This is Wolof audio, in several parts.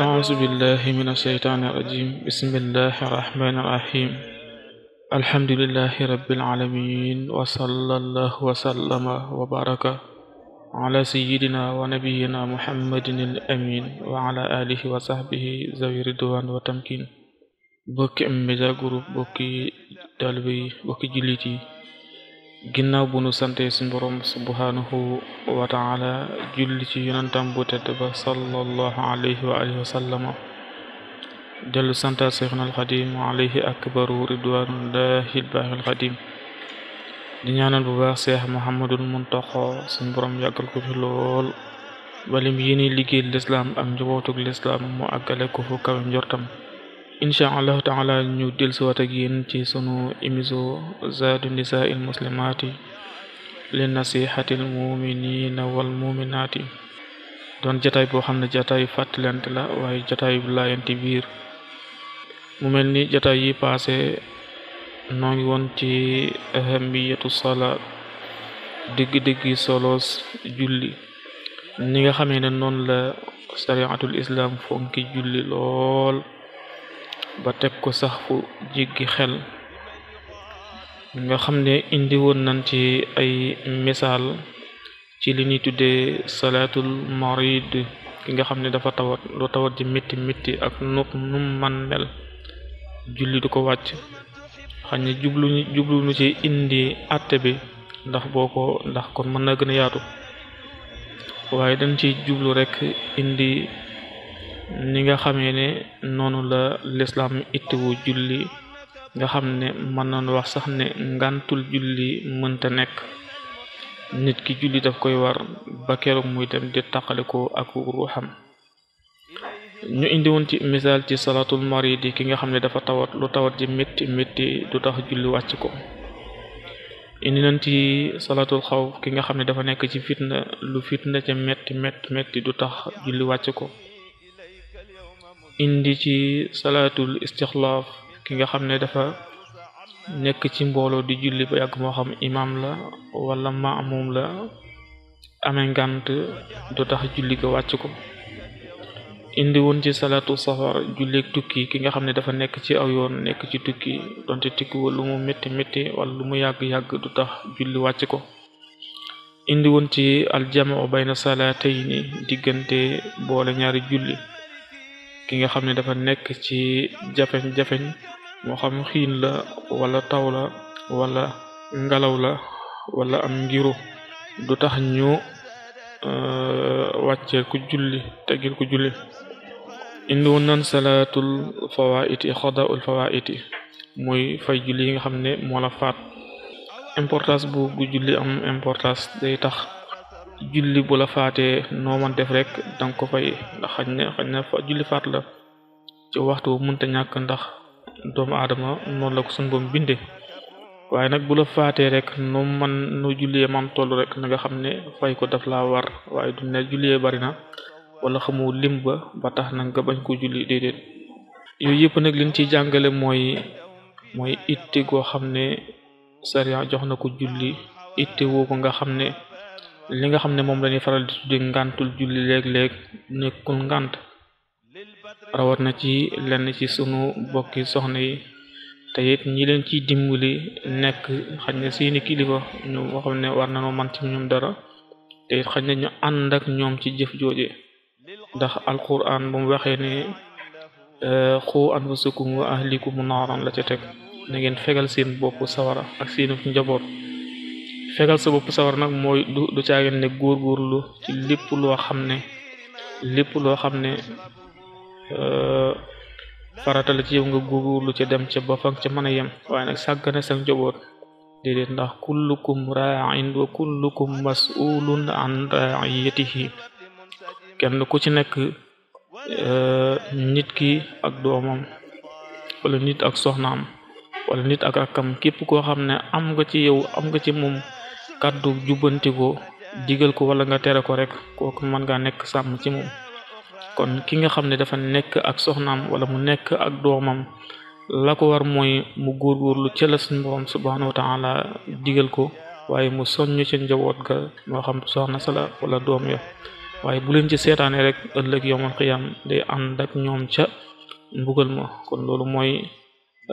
أعوذ بالله من الشيطان الرجيم بسم الله الرحمن الرحيم الحمد لله رب العالمين وصلى الله وسلم وبارك على سيدنا ونبينا محمد الأمين وعلى آله وصحبه ذوي الرضوان والتمكين bokki am média groupe bokki taalibe yi bokki jullit yi ginnaaw bu nu sante suñ boroom subhanahu wa taala julli ci yonantam bu tedd ba sallallahu alayhi wa alihi wa sallama dellu santa seexna alxadim alayhi akbaru ridwanullahi albaaxil xadim bu baax seex muhammadul muntaxa suñ boroom yàggal ko fi lool balim yéene liggéey lislaam ak njabootug lislaam mu àggale ko fu kawe njortam incha allahu taala ñu dellusiwaat ak yéen ci sunu émission zaadu nisaa il muslimaati li nasihati l muminina wal muminaati doon jataay boo xam ne jataayu fàttalante la waaye jataayu laayanti biir mu mel ni jataay yi passé noo ngi woon ci ahamiyatu salaat digg-diggi solos julli ni nga xamee ne noonu la shariatul islam fonki julli lool ba teg ko sax fu jiggi xel nga xam ne indi woon nañ ci ay misaal ci li ñuy tuddee salaatul marid ki nga xam ne dafa tawat lu tawat ji métti métti ak nu nu man mel julli du ko wàcc xam ne jublu jubluñu ci indi àtte bi ndax boo ko ndax kon mën na gën a yaatu waaye dañ ci jublu rekk indi ni nga xamee ne noonu la lislaam ittiwu julli nga xam ne mën nañ wax sax ne ngantul julli mënta nekk nit ki julli daf koy war ba keroog muy dem di taqalikoo ak ruuxam indi woon ci misaal ci salaatul maridi ki nga xam ne dafa tawat lu tawat ji metti metti du tax julli wàcc ko indi nañ ci salaatul xaw ki nga xam ne dafa nekk ci fitna lu fitna ca métti métti métti du tax julli wàcc ko indi ci salaatul istixlaaf ki nga xam ne dafa nekk ci mbooloo di julli ba yàgg moo xam imam la wala maamum la amee ngànt du tax julli ga wàcc ko indi wun ci salaatu safar julleeg tukki ki nga xam ne dafa nekk ci aw yoon nekk ci tukki donte tukki wa lu mu wala lu yàgg-yàgg du tax julli wàcc ko indi woon ci aljamaa bayna salaatayni diggante boole ñaari julli ki nga xam ne dafa nekk ci jafeñ-jafeñ moo xam xiin la wala taw la wala ngelaw la wala am ngiru du tax ñu euh, wàcceel ku julli tegil ku julli indi woon nan salaatul fawaiti xodaul fawaiti muy fay julli nga xam ne moo la faat importance bu bu julli am importance day tax julli bu la faatee noo man def rek danga ko fay julli faat la ci waxtu bu mënta ñàkk ndax doomu aadama noonu la ko suñ boom bindee waaye nag bu la faatee rek noo man noo jullee man toll rek na xam ne fay ko daf laa war waaye du ne jullee bari na wala xamu lim ba ba tax na nga bañ ko julli déedéet yooyu yëpp nag liñ ciy jàngale mooy mooy itte goo xam ne sariya jox na ko julli itte woo ko nga xam ne li nga xam ne moom lañuy faral di tudde ngantul julli léeg-léeg nekkul ngànt rawat na ci lenn ci suñu bokki soxna yi te it ñi leen ciy dimbali nekk xañ na seeni kilifa ñu boo xam ne war nañoo man ci ñoom dara te xañ na ñu ànd ak ñoom ci jëf jooje ndax alquran ba mu waxee ne eh, xu anfusakum wa ahlikum naaran la ca teg na ngeen fegal seen bopp sawara ak seenu njaboot fegal sa bopp nag mooy du du caagin ne góorgóorlu ci lépp loo xam ne lépp loo xam ne euh, farata la ci yow nga góorgóorlu ca dem ca ba fa ca mën a yem waaye nag sàggane sa njaboot déedéet ndax kullukum ra'in wa kullukum mas'ulun an ra'iyatihi kenn ku ci nekk euh, nit ki ak doomam wala nit ak soxnaam wala nit ak rakkam képp koo xam ne am nga ci yow am nga ci moom kàddu jubbanti ko digal ko wala nga tere ko rek kooku mën ngaa nekk sàmm ci moom kon ki nga xam ne dafa nekk ak soxnaam wala mu nekk ak doomam la ko war mooy mu góorgóorlu ca la suñu borom subhanahu wa taala digal ko waaye mu soññ ca njaboot ga moo xam soxna sala wala doom yo waaye bu ci seetaane rek ëllëg yowmal xiyam day ànd ak ñoom ca mbugal ma kon loolu mooy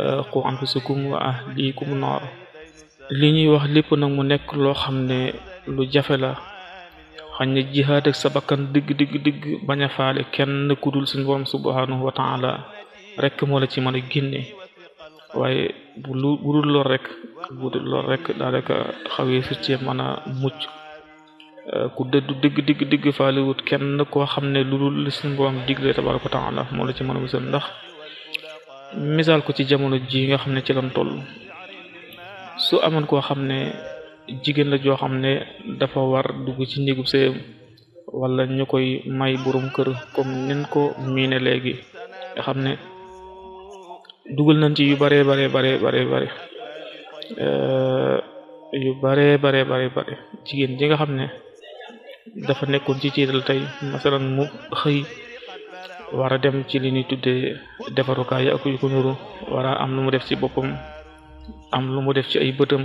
euh, qu anfusakum wa ahlikum naar li ñuy wax lépp nag mu nekk loo xam ne lu jafe la xañ ne jihaad ak sa bakkan digg digg digg bañ a faale kenn ku dul suñ borom subhanahu wa la rek moo la ci mën a génne waaye bu lu bu dul lool rek bu dul lool rek daanaka xawee su cee mën a mucc euh, ku dëddu digg digg digg faaliwut kenn koo xam ne lu dul li suñ borom digle ko wa la moo la ci mën a musal ndax misaal ko ci jamono ji nga xam ne ci lan toll su amoon koo xam ne jigéen la joo xam ne dafa war dugg ci njëgub sëyam wala ñu koy may borom kër comme nin ko miine léegi nga xam ne dugal nañ ci yu bare bare bare bare bare eh, yu bare bare bare bare jigéen ji nga xam ne dafa nekkoon ci ciital tey masalan mu xëy wara dem ci li ñuy tuddee defarukaay ak yu ko nuru war am lu mu ci boppam am lu mu def ci ay bëtam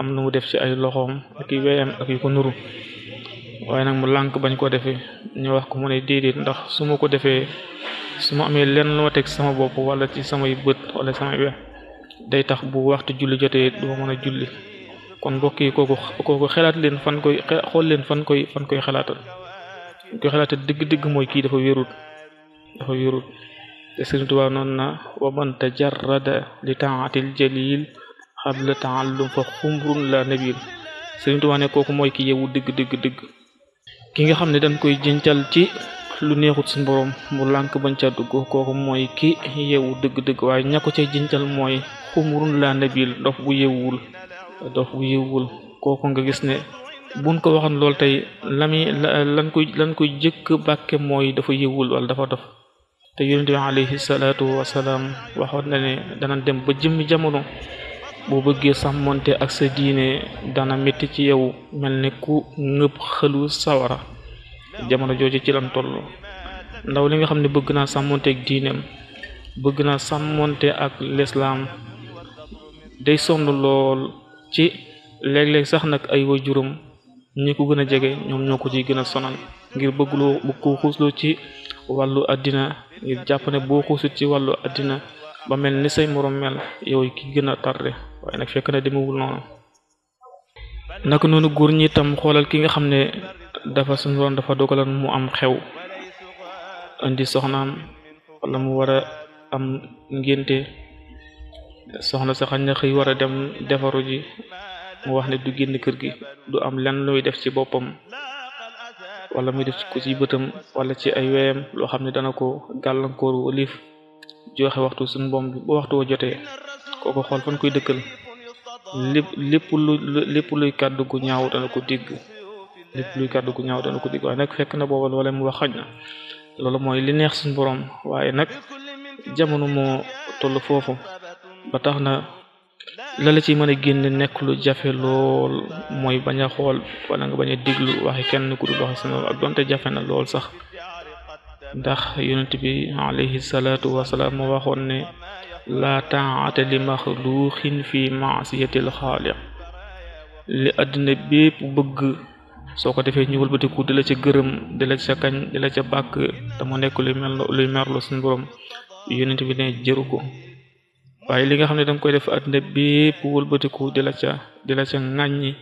am lu mu def ci ay loxoom ak i ak yu ko nuru waaye nag mu lànk bañ koo defee ñu wax ko mu ne déedéet ndax su ma ko defee su ma amee lenn lu teg sama bopp wala ci samay bët wala samay we day tax bu waxtu julli jotee doo mën a julli kon mbokk yi kooku kooku xalaat leen fan koy xool leen fan koy fan koy xalaatal koy xalaatal mooy kii dafa wérut dafa wérut te Sëriñ Tuubaa noon na wa man tajarrada li taatil jalil xabla taallum fa xumrun la nabil Sëriñ Tuubaa ne kooku mooy ki yewu dëgg dëgg dëgg ki nga xam ne dañ koy jëncal ci lu neexut suñu borom mu lànk bañ ca dugg kooku mooy ki yewu dëgg dëgg waaye ña ko cay mooy xumrun la nabil dof bu yewwul dof bu yewwul kooku nga gis ne buñ ko waxoon lool tey lami lan koy lan koy jëkk bàkke mooy dafa yewwul wala dafa dof te yonent bi alayhi salaatu wasalaam waxoon na ne dana dem ba jëmmi jamono boo bëggee sàmmonte ak sa diine dana métti ci yow mel ne ku nëb xëlu sawara jamono jooju ci lan toll li nga xam ne bëgg na sàmmonte ak bëgg naa sàmmonte ak lislaam day sonn lool ci léeg-léeg sax nag ay waajuram ñi ko gën a jege ñoom ñoo ko ciy gën a sonal ci wàllu àddina ngir jàpp ne boo ko ci wàllu àddina ba mel ni say moroom mel yow ki gën a tardé waaye nag fekk na demewul noonu naka noonu góor ñi tam xoolal ki nga xam ne dafa suñu roon dafa dogalan mu am xew indi soxnaam wala mu war a am ngénte soxna sa xañ na xëy war a dem defaru ji mu wax ne du génn kër gi du am lenn looy def ci boppam wala muy def ko ci bëtam wala ci ay weyam loo xam ne dana ko gàllankoor wëlif joxe waxtu suñu mbom bi waxtu wa jotee kooko xool fan koy dëkkal lépp lépp lu lépp luy kàddu gu ñaaw dana ko digg lépp luy kàddu gu ñaaw dana ko digg waaye nag fekk na booba wala mu wax xañ na loolu mooy li neex suñu borom waaye nag jamono moo toll foofu ba tax na la la ci mën a génn nekk lu jafe lool mooy bañ xool wala nga bañ a diglu waxi kenn ku dul waxi sama ak donte jafe na lool sax ndax yonent bi alayhi salaatu wasalaam mu waxoon ne laa taa'ata li maxluuqin fi maasiyatil xaaliq li àddina bépp bëgg soo ko defee ñu wëlbatiku di la ca gërëm di la ca kañ di la ca bàkk te mu nekk luy mel luy bi ne jëru ko waaye li nga xam ne danga koy def àddina bépp wëlbatiku di la ca di la ca ŋàññi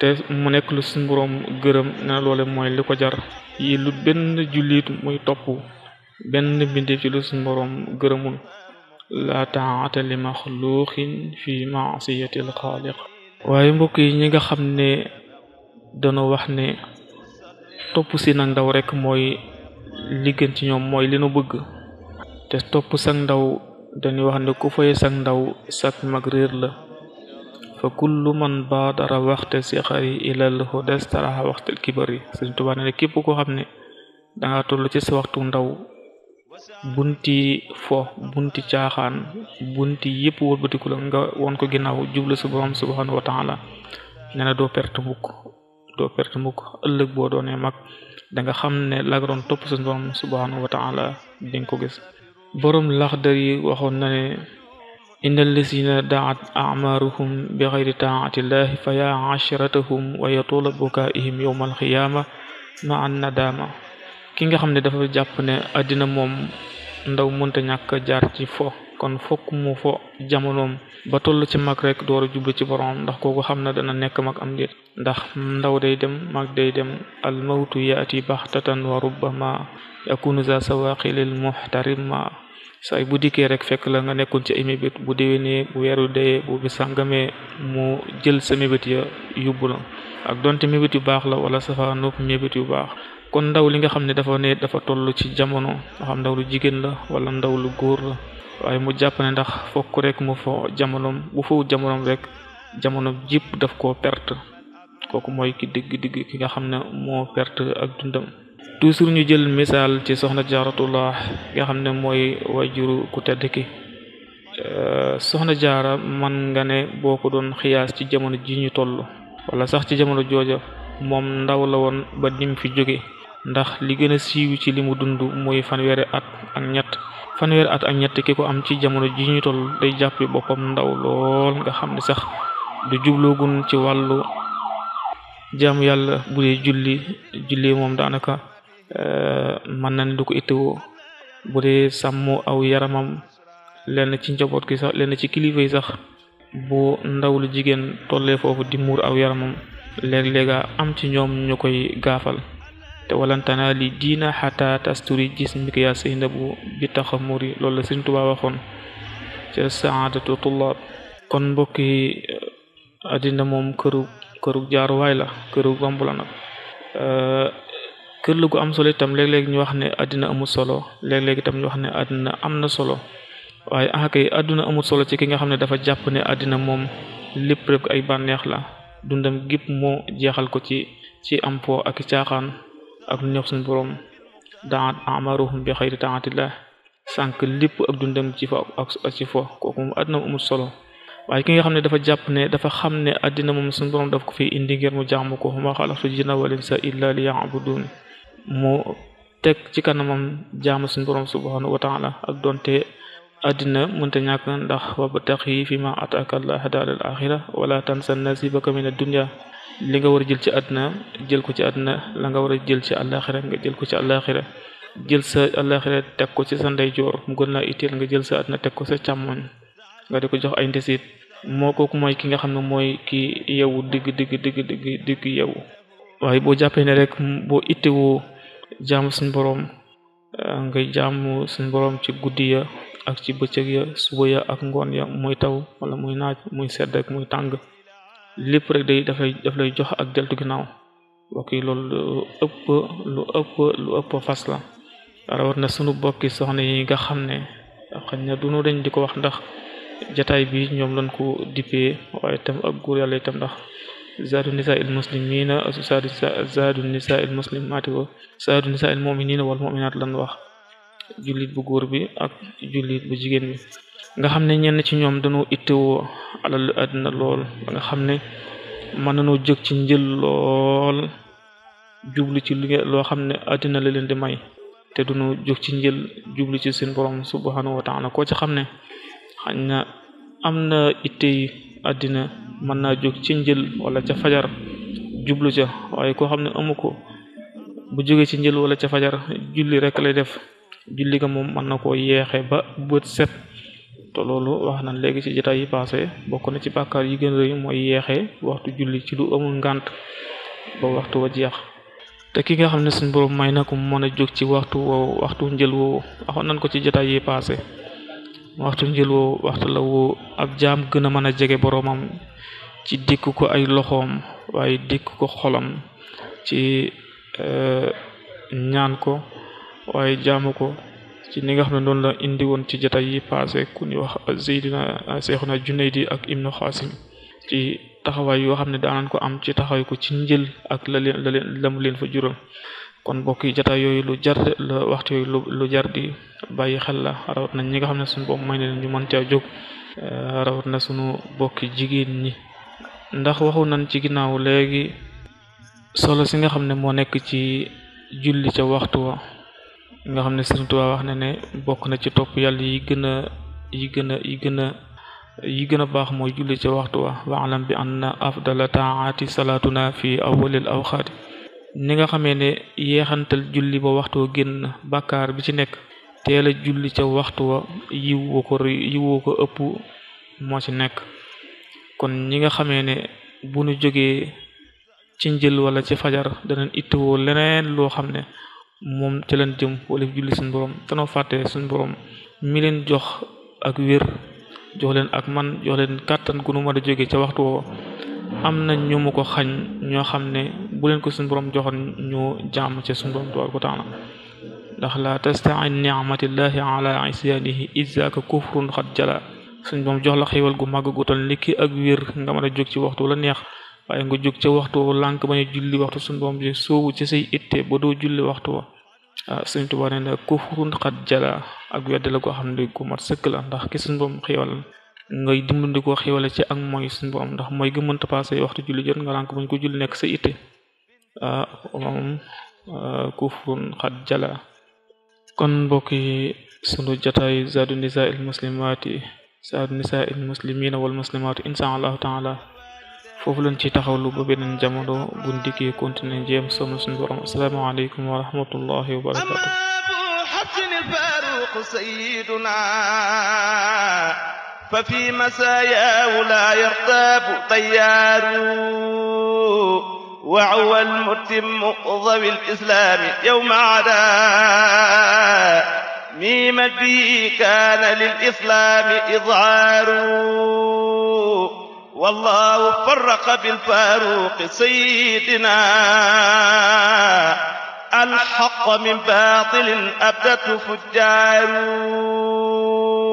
te mu nekk lu suñu boroom gërëm na loole mooy li ko jar yi lu benn jullit muy topp benn mbindeef ci lu suñu boroom gërëmul la te li maxluqin fi maasiyati al xaaliq waaye mbokk yi ñi nga xam ne dañoo wax ne topp si nag ndaw rek mooy li gën ci ñoom mooy li nu bëgg te topp sag ndaw dañuy wax ne ku foye sag ndaw sag mag la fa kullu man baadara waxte si xari ilal hudas taraxa waxtel kibar yi Sëriñ Tuubaa ne képp koo xam ne danga toll ci waxtu ndaw bunti fo bunti caaxaan bunti yëpp wëlbatiku la nga won ko ginnaaw jublu su borom subhanahu wa taala nee na doo perte mukk doo perte mukk ëllëg boo doonee mag danga xam ne la nga doon topp suñu borom subhanahu wa ko gis boroom laxdar yi waxoon na ne inna allazina daat acmaaruhum bi xayri taatillahi fa yaa ashratahum wa yatula bukaihim yowma alxiyaama ma an nadaama ki nga xam ne dafa jàpp ne àddina moom ndaw mënta ñàkk jaar ci fo kon fokk mu fo jamonoom ba toll ci mag rek door a ci boroom ndax kooku xam na dana nekk mag am ndax ndaw day dem mak day dem almawtu yaati baxtatan wa rubbama yakunu za sawaqilil muhtarima saay bu dikkee rek fekk la nga nekkoon ci ay mébét bu déwénee bu weeru dayee bu bi sàngamee mu jël sa mébét ya yóbbu la ak donte mébét yu baax la wala safaanoog mébét yu baax kon ndaw li nga xam ne dafa ne dafa toll ci jamono nga xam ndaw lu jigéen la wala ndaw lu góor la waaye mu jàpp ndax fokk rek mu fo jamonoom bu fow jamonoom rek jamono jëpp daf ko perte kooku mooy ki digg digg ki nga xam ne moo perte ak dundam toujours ñu jël misaal ci soxna jaaratula nga xam ne mooy wajuru ku tedd ki euh, soxna jaara man nga ne boo ko doon xiyaas ci jamono ji ñu toll wala sax ci jamono jooja moom ndaw la woon ba nim fi jóge ndax li gën a siiw ci li mu dund mooy fanweeri at ak ñett fanweeri at ak ñett ki ko am ci jamono ji ñu toll day jàppe boppam ndaw lool nga xam ne sax du jubloogun ci wàllu jaamu yàlla bu dee julli julli moom daanaka euh, mën na ne du ko ittewoo sàmm aw yaramam lenn ci njaboot ki sax lenn ci kilifay sax bu ndaw lu jigéen tollee foofu di muur aw yaramam léeg-léega am ci ñoom ñu koy gaafal te walantanaa li diina xataa tasturi gis mikiyaa say ndabu bi taxa muri loolu la Sëriñ Tuubaa waxoon ca saadatu tullaab kon mbokki euh, addina moom këru kërug jaaruwaay la kërug romb la nag kër la gu am solo itam léeg-léeg ñu wax ne àddina amul solo léeg-léeg itam ñu wax ne àddina am na solo waaye ah kay àdduna amul solo ci ki nga xam ne dafa jàpp ne àddina moom lépp rek ay bànneex la dundam gépp moo jeexal ko ci ci am po ak caaxaan ak lu neex suñu borom daat amaruhum bi xayri taatillah sànq lépp ak dundam ci fo kooku moom àddina amul solo waaye ki nga xam ne dafa jàpp ne dafa xam ne àddina moom suñu borom daf ko fi indi ngir mu jaamu ko ma xalaqtu jinna wal insa illa liya'budun mu teg ci kanamam jaamu suñu borom subhanahu wa ta'ala ak donte àddina mënta ñàkk ndax wabtaghi fima ataka allah daaral axira wala a nasibaka min ad-dunya li nga war a jël ci àddina jël ko ci àddina la nga war a jël ci àllaaxira nga jël ko ci àllaaxira jël sa àllaaxira teg ko ci sa ndeyjoor mu gën laa itteel nga jël sa àddina teg ko sa càmmoñ nga di ko jox ay ndesit moo kooku mooy ki nga xam ne mooy ki yewu digg digg digg digg digg yewu waaye boo jàppee ne rek boo ittewoo jaamu suñ boroom euh, ngay jaamu suñ boroom ci guddi ya ak ci bëccëg ya suba ya ak ngoon ya muy taw wala muy naaj muy sedd ak muy tàng lépp rek day dafay daf lay jox ak deltu ginnaaw mbokk yi loolu lu ëpp lu ëpp lu ëpp fas la rawat na sunu bokki soxna yi nga xam ne xañ na dunu dañ di ko wax ndax jataay bi ñoom lañ ko dippee waaye itam ak góor yàlla itam ndax zaadu nisaa il muslimina zaadu zaadu nisaa il muslimaati wa zaadu nisaa il muminina wal muminaat lan wax julit bu góor bi ak julit bu jigéen bi nga xam ne ñenn ci ñoom dañoo ittewoo alal àddina lool nga xam ne mën nañoo jóg ci njël lool jublu ci li loo xam ne àddina la leen di may te duñu jóg ci njël jublu ci seen borom subhanahu wa taala ci xam ne xañ na am na itteey àddina mën naa jóg ci njël wala ca fajar jublu ca waaye koo xam ne amu ko bu jógee ci njël wala ca fajar julli rek lay def julli ka moom mën na ko yeexe ba bët set te loolu wax na léegi ci jotaay yi passé bokk na ci bàkkaar yi gën mooy yeexe waxtu julli ci lu amul ngant ba waxtu wa jeex te ki nga xam ne suñ may na ko mën a jóg ci waxtu woowu waxtu njël woowu waxoon nañ ko ci jotaay yi passé waxtu njël woo waxtu la woo ab jaam gën a mën a jege boroomam ci dékk ko ay loxoom waaye dékk ko xolam ci e, ñaan ko waaye jaamu ko ci ni nga xam ne noonu la indi woon ci jotaay yi passé ku ñuy wax Seydina Seexuna Junaydi ak Ibnu Xaasim ci taxawaay yoo xam ne daanañ ko am ci taxawaay ko ci njël ak la leen la leen fa jural kon mbokk yi jotaay yooyu lu jar la waxtu yooyu lu lu jar di bàyyi xel la rawat na ñi nga xam ne suñu bopp may ne ñu mën caa jóg eh, rawat na suñu bokki jigéen ñi ndax waxu nañ ci ginnaaw léegi solo si nga xam ne moo nekk ci julli ca waxtu wa nga xam ne Sëriñ Tuubaa wax na ne bokk na ci topp yàlla yi gën a yi gën a yi a yi gën a baax mooy julli ca waxtu wa waalam bi anna afdala taati salaatuna fi awwalil awqaati ni nga xamee ne yeexantal julli ba waxtu wa génn bàkkaar bi ci nekk teel a julli ca waxtu wa yiw wa ko ëpp moo ci nekk kon ñi nga xamee ne bu nu jógee ci njël wala ci fajar danañ ittawoo leneen loo xam ne moom ca leen jëm wala julli suñ borom tanoo fàtte suñ borom mi leen jox ak wér jox leen ak man jox leen kàttan ku nu mën a jógee ca waxtu woowa am na ñu mu ko xañ ñoo xam ne bu leen ko suñ borom joxoon ñu jàmm ci suñu borom tabaaraka wa taala ndax la tastain ni'matillahi ala isyaanihi izaka kufrun xat jala suñ boom jox la xéewal gu màgg gu toll ni ak wér nga mën a jóg ci waxtu la neex waaye nga jóg ca waxtu lànk bañ a julli waxtu suñ boom ji soobu ci say itte ba doo julli waxtu wa ah suñ tubaa nee na kufrun xat jala ak wedd la goo xam ne gu mat sëkk la ndax ki suñ boom xéewal ngay dimbali ko xéwale ci ak mooy suñu borom ndax mooy gi mënta passé waxtu julli jot nga ko nekk sa itte ah, moom ah, kufun xat jala kon mbokk yi sunu jotaay zaadu nisaa il muslimaati zaadu nisaa il muslimina wal muslimaati insha allahu taala foofu lañ ci taxawlu ba beneen jamono buñ dikkee continuer jéem soom suñu borom asalaamaaleykum wa rahmatullahi wa barakatu ففي مساياه لا يرتاب طيار وعوى المتم ضوي الإسلام يوم عدا ميم بي كان للإسلام إظهار والله فرق بالفاروق سيدنا الحق من باطل أبدت فجار